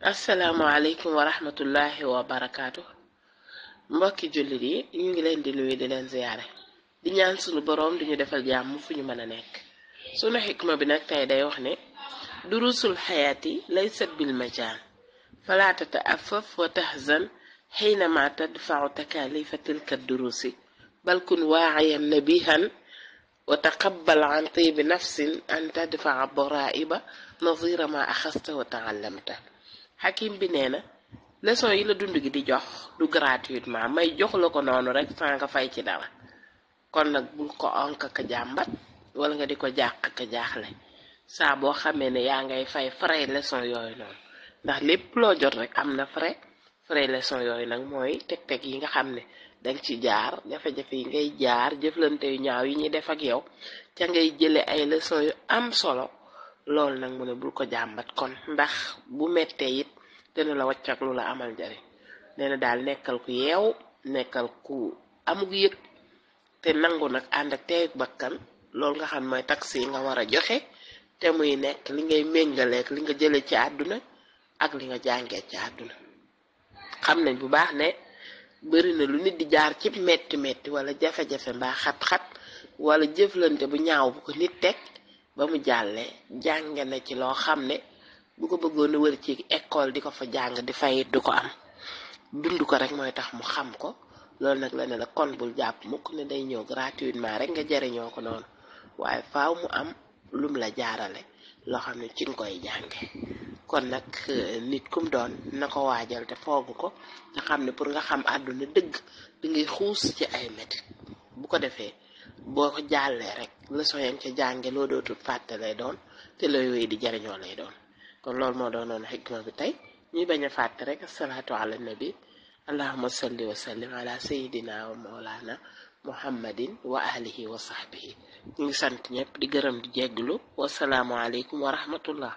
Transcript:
asalaamualeykum wa rahmatullahi wa barakaatu mbokki jullit yi ñu ngi leen di nuyu di leen ziyaare di ñaan sunu boroom di ñu defal jàmm fu ñu mën a nekk sunu xikma bi nag tey day wax ni durusul xayaati laysat bil majaan falaa tataafaf wa tahzan xiinama tadfau takaalifa tilka durusi bal kun waaxiyan nabihan wa taqabbal an tibi nafsin an tadfaa boraiba nadira axasta wa taallamta Hakim bi nee na leçon yi la dund gi di jox du gratuitement may jox la ko noonu rek sans nga fay ci dara kon nag bul ko onk ka jàmbat wala nga di ko jàq ka jaaxle saa boo xamee ne yaa ngay fay frais leçon yooyu noonu ndax lépp loo jot rek am na frais frais leçon yooyu nag mooy teg-teg yi nga xam ne danga ci jaar jafe-jafe yi ngay jaar jëflante yu ñaaw yi ñuy def ak yow ca ngay jële ay leçon yu am solo loolu nag mu ne bul ko jàmbat kon ndax bu mettee it dana la wàcc lu la amal njariñ nee na daal nekkal ku yeew nekkal ku amug yëg te nangu nag ànd ak teeyug bakkan loolu nga xam mooy tax yi nga war a joxe te muy nekk li ngay méngaleek li nga jële ci àdduna ak li nga jàngee ci àdduna xam nañ bu baax ne bëri na lu nit di jaar ci metti metti walla jafe-jafe mbaa xat-xat wala jëflante bu ñaaw bu ko nit teg ba mu jàlle jànge na ci loo xam ne bu ko bëggoon a wër ci école di ko fa jàng di fayit du ko am dund ko rek mooy tax mu xam ko loolu nag la ne la kon bul jàpp mukk ne day ñëw gratuitement rek nga jariñoo ko noonu waaye faaw mu am lum la jaarale loo xam ne ci nga koy jànge kon nag euh, nit kum doon na ko waajal te foogu ko nga xam ne pour nga xam àdduna dëgg di ngay xuus ci ay métit bu ko defee boo ko jàllee rek leçon yam ca jànge loo dootul fàtte lay doon te looy wéy di jariñoo lay doon kon loolu moo doonoon xikma bi tey ñuy bañ a fàtte rek asalaatu ala nabi allahuma salli wa sallim ala sayidina wa mawlana muhammadin wa alihi wa sahbihi ñu ngi sant ñëpp di gërëm di jégglu wasalaamu aleykum wa rahmatullah